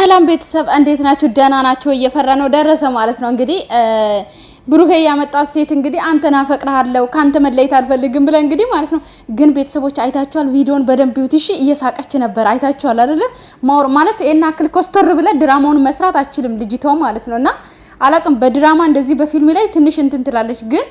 ሰላም ቤተሰብ እንዴት ናችሁ? ደህና ናቸው። እየፈራ ነው ደረሰ ማለት ነው እንግዲህ ብሩሄ ያመጣት ሴት እንግዲህ አንተን አፈቅርሃለሁ ከአንተ መለየት አልፈልግም ብለ እንግዲህ ማለት ነው። ግን ቤተሰቦች አይታችኋል፣ ቪዲዮን በደንብ ቢዩት እሺ። እየሳቀች ነበር አይታችኋል አይደለ? ማወር ማለት ይሄን አክል ኮስተር ብለህ ድራማውን መስራት አችልም ልጅቷ ማለት ነው። እና አላቅም በድራማ እንደዚህ በፊልም ላይ ትንሽ እንትን ትላለች፣ ግን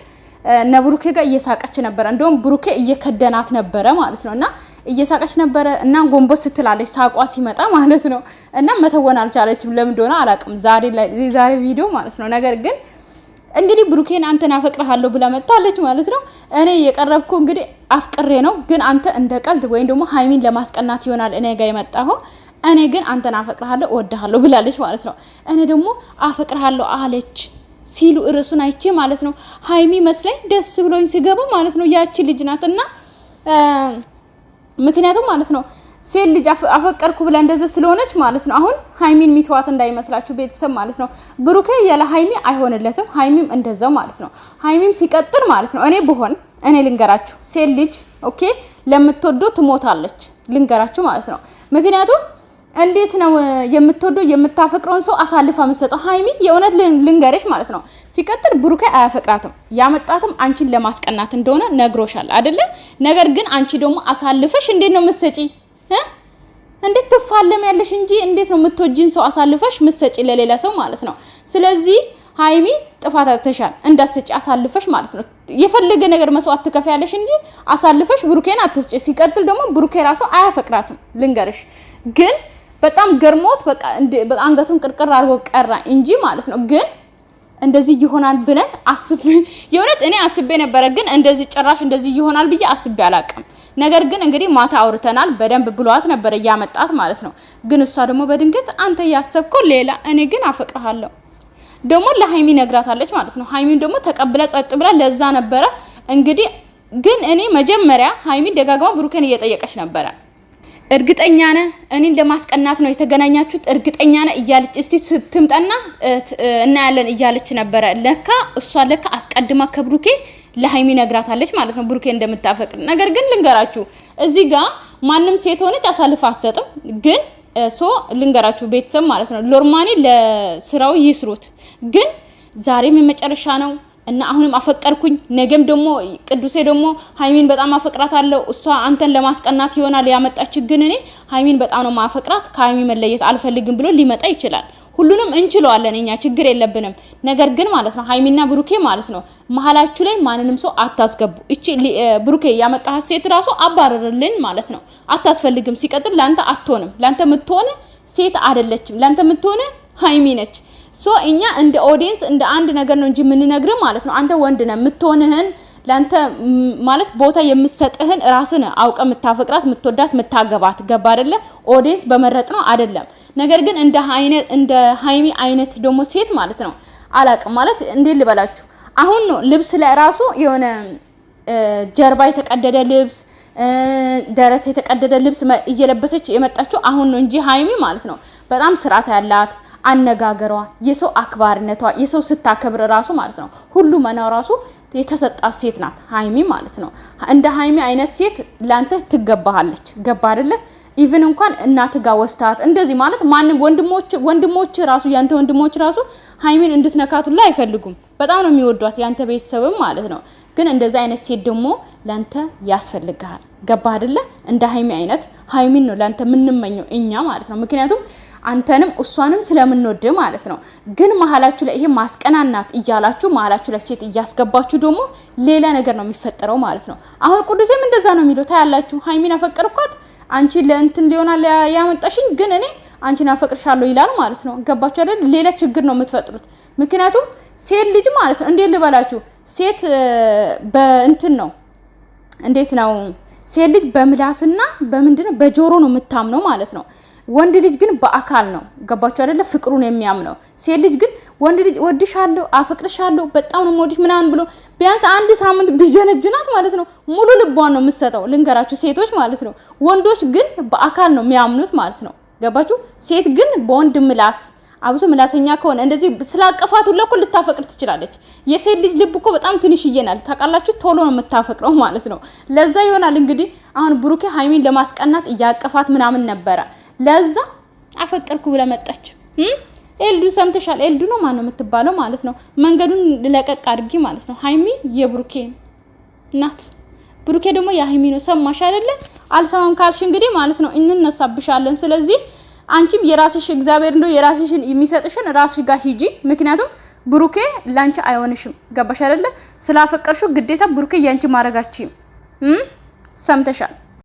እነ ብሩኬ ጋር እየሳቀች ነበረ። እንደውም ብሩኬ እየከደናት ነበረ ማለት ነው እና እየሳቀች ነበረ እና ጎንበስ ስትላለች ሳቋ ሲመጣ ማለት ነው። እና መተወን አልቻለችም ለምን እንደሆነ አላውቅም። ዛሬ ቪዲዮ ማለት ነው። ነገር ግን እንግዲህ ብሩኬን አንተን አፈቅርሃለሁ ብላ መጣለች ማለት ነው። እኔ የቀረብኩ እንግዲህ አፍቅሬ ነው፣ ግን አንተ እንደ ቀልድ ወይም ደግሞ ሀይሚን ለማስቀናት ይሆናል እኔ ጋር የመጣሁ እኔ ግን አንተን አፈቅርሃለሁ እወድሃለሁ ብላለች ማለት ነው። እኔ ደግሞ አፈቅርሃለሁ አለች ሲሉ እርሱን አይቼ ማለት ነው ሀይሚ መስለኝ ደስ ብሎኝ ስገባ ማለት ነው ያቺ ልጅ ናት እና ምክንያቱም ማለት ነው ሴት ልጅ አፈቀርኩ ብላ እንደዚ ስለሆነች ማለት ነው። አሁን ሀይሚን ሚተዋት እንዳይመስላችሁ ቤተሰብ ማለት ነው። ብሩኬ ያለ ሀይሚ አይሆንለትም፣ ሀይሚም እንደዛው ማለት ነው። ሀይሚም ሲቀጥል ማለት ነው እኔ ብሆን እኔ ልንገራችሁ ሴት ልጅ ኦኬ ለምትወዱ ትሞታለች። ልንገራችሁ ማለት ነው ምክንያቱም እንዴት ነው የምትወደው የምታፈቅረውን ሰው አሳልፋ የምትሰጠው? ሀይሚ የእውነት ልንገርሽ ማለት ነው። ሲቀጥል ብሩኬ አያፈቅራትም ያመጣትም አንቺን ለማስቀናት እንደሆነ ነግሮሻል አደለ? ነገር ግን አንቺ ደግሞ አሳልፈሽ እንዴት ነው የምትሰጪ? እንዴት ትፋለም ያለሽ እንጂ እንዴት ነው የምትወጂን ሰው አሳልፈሽ የምትሰጪ ለሌላ ሰው ማለት ነው። ስለዚህ ሀይሚ ጥፋት አጥተሻል። እንዳትሰጪ አሳልፈሽ ማለት ነው። የፈለገ ነገር መስዋዕት ትከፍያለሽ እንጂ አሳልፈሽ ብሩኬን አትስጪ። ሲቀጥል ደግሞ ብሩኬ ራሱ አያፈቅራትም ልንገርሽ ግን በጣም ገርሞት በቃ አንገቱን ቅርቅር አድርጎ ቀራ እንጂ ማለት ነው። ግን እንደዚህ ይሆናል ብለን አስብ የእውነት እኔ አስቤ ነበረ፣ ግን እንደዚህ ጭራሽ እንደዚህ ይሆናል ብዬ አስቤ አላቅም። ነገር ግን እንግዲህ ማታ አውርተናል። በደንብ ብሏት ነበረ እያመጣት ማለት ነው። ግን እሷ ደግሞ በድንገት አንተ እያሰብኮ ሌላ፣ እኔ ግን አፈቅርሃለሁ ደግሞ ለሀይሚ ነግራታለች ማለት ነው። ሀይሚም ደግሞ ተቀብላ ጸጥ ብላ ለዛ ነበረ እንግዲህ ግን እኔ መጀመሪያ ሀይሚ ደጋግማ ብሩኬን እየጠየቀች ነበረ እርግጠኛ ነ እኔን ለማስቀናት ነው የተገናኛችሁት? እርግጠኛ ነ እያለች እስቲ ስትምጣና እናያለን እያለች ነበረ። ለካ እሷ ለካ አስቀድማ ከብሩኬ ለሀይሚ ነግራታለች ማለት ነው ብሩኬ እንደምታፈቅር። ነገር ግን ልንገራችሁ እዚህ ጋር ማንም ሴት ሆነች አሳልፋ አትሰጥም ግን ሶ ልንገራችሁ ቤተሰብ ማለት ነው ሎርማኔ ለስራው ይስሩት። ግን ዛሬም የመጨረሻ ነው እና አሁንም አፈቀርኩኝ፣ ነገም ደግሞ ቅዱሴ ደግሞ ሀይሚን በጣም አፈቅራት አለው። እሷ አንተን ለማስቀናት ይሆናል ያመጣች ግን እኔ ሀይሚን በጣም ነው ማፈቅራት፣ ከሀይሚ መለየት አልፈልግም ብሎ ሊመጣ ይችላል። ሁሉንም እንችለዋለን እኛ ችግር የለብንም። ነገር ግን ማለት ነው ሀይሚና ብሩኬ ማለት ነው መሀላችሁ ላይ ማንንም ሰው አታስገቡ። እቺ ብሩኬ ያመጣ ሴት ራሱ አባረርልን ማለት ነው አታስፈልግም። ሲቀጥል ለአንተ አትሆንም። ለአንተ የምትሆን ሴት አይደለችም። ለአንተ የምትሆን ሀይሚ ነች። ሶ እኛ እንደ ኦዲየንስ እንደ አንድ ነገር ነው እንጂ የምንነግርህ ማለት ነው። አንተ ወንድ ነህ የምትሆንህን ለአንተ ማለት ቦታ የምሰጥህን ራስን አውቀ የምታፈቅራት የምትወዳት የምታገባት ገባ አደለ? ኦዲየንስ በመረጥ ነው አይደለም። ነገር ግን እንደ ሀይሚ አይነት ደግሞ ሴት ማለት ነው አላቅም ማለት እንዴት ልበላችሁ። አሁን ነው ልብስ ላይ ራሱ የሆነ ጀርባ የተቀደደ ልብስ ደረት የተቀደደ ልብስ እየለበሰች የመጣችው አሁን ነው እንጂ ሀይሚ ማለት ነው በጣም ስርዓት ያላት አነጋገሯ፣ የሰው አክባሪነቷ፣ የሰው ስታከብር ራሱ ማለት ነው ሁሉ መናው ራሱ የተሰጣት ሴት ናት ሀይሚ ማለት ነው። እንደ ሀይሚ አይነት ሴት ለአንተ ትገባሃለች። ገባ አደለ? ኢቭን እንኳን እናት ጋር ወስታት እንደዚህ ማለት ማንም ወንድሞች ወንድሞች ራሱ ያንተ ወንድሞች ራሱ ሀይሚን እንድትነካቱላ አይፈልጉም። በጣም ነው የሚወዷት ያንተ ቤተሰብም ማለት ነው። ግን እንደዚህ አይነት ሴት ደግሞ ላንተ ያስፈልግሃል። ገባ አደለ? እንደ ሀይሚ አይነት ሀይሚን ነው ለአንተ የምንመኘው እኛ ማለት ነው። ምክንያቱም አንተንም እሷንም ስለምንወድ ማለት ነው። ግን መሀላችሁ ላይ ይሄ ማስቀናናት እያላችሁ መሀላችሁ ላይ ሴት እያስገባችሁ ደግሞ ሌላ ነገር ነው የሚፈጠረው ማለት ነው። አሁን ቅዱሴም እንደዛ ነው የሚለው ታያላችሁ። ሀይሚን አፈቀርኳት አንቺ ለእንትን ሊሆናል ያመጣሽኝ፣ ግን እኔ አንቺን አፈቅርሻለሁ ይላል ማለት ነው። ገባችሁ አይደል? ሌላ ችግር ነው የምትፈጥሩት። ምክንያቱም ሴት ልጅ ማለት ነው እንዴት ልበላችሁ፣ ሴት በእንትን ነው እንዴት ነው ሴት ልጅ በምላስና በምንድነው በጆሮ ነው የምታምነው ማለት ነው። ወንድ ልጅ ግን በአካል ነው ገባችሁ አይደለ? ፍቅሩን የሚያምነው ሴት ልጅ ግን ወንድ ልጅ ወድሻለሁ፣ አፍቅርሻለሁ፣ በጣም ነው የምወድሽ ምናምን ብሎ ቢያንስ አንድ ሳምንት ቢጀነጅናት ማለት ነው ሙሉ ልቧን ነው የምትሰጠው። ልንገራችሁ ሴቶች ማለት ነው። ወንዶች ግን በአካል ነው የሚያምኑት ማለት ነው ገባችሁ። ሴት ግን በወንድ ምላስ አብሶ ምላሰኛ ከሆነ እንደዚህ ስላቀፋት ሁሉ እኮ ልታፈቅር ትችላለች። የሴት ልጅ ልብ እኮ በጣም ትንሽዬ ናት፣ ታውቃላችሁ። ቶሎ ነው የምታፈቅረው ማለት ነው። ለዛ ይሆናል እንግዲህ አሁን ብሩኬ ሀይሚን ለማስቀናት እያቀፋት ምናምን ነበረ። ለዛ አፈቀርኩ ብላ መጣች። ኤልዱ ሰምተሻል? ኤልዱ ነው ማነው የምትባለው ማለት ነው። መንገዱን ለቀቅ አድርጊ ማለት ነው። ሀይሚ የብሩኬ ናት፣ ብሩኬ ደግሞ የሀይሚ ነው። ሰማሽ አይደለ? አልሰማም ካልሽ እንግዲህ ማለት ነው እንነሳብሻለን። ስለዚህ አንቺም የራስሽ እግዚአብሔር እንደው የራስሽን የሚሰጥሽን ራስሽ ጋር ሂጂ። ምክንያቱም ብሩኬ ላንቺ አይሆንሽም። ገባሽ አይደለ? ስላፈቀርሽው ግዴታ ብሩኬ ያንቺ ማረጋችም ሰምተሻል።